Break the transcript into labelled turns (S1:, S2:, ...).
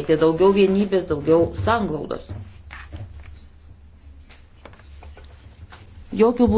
S1: siekti daugiau vienybės, daugiau sanglaudos. Jokių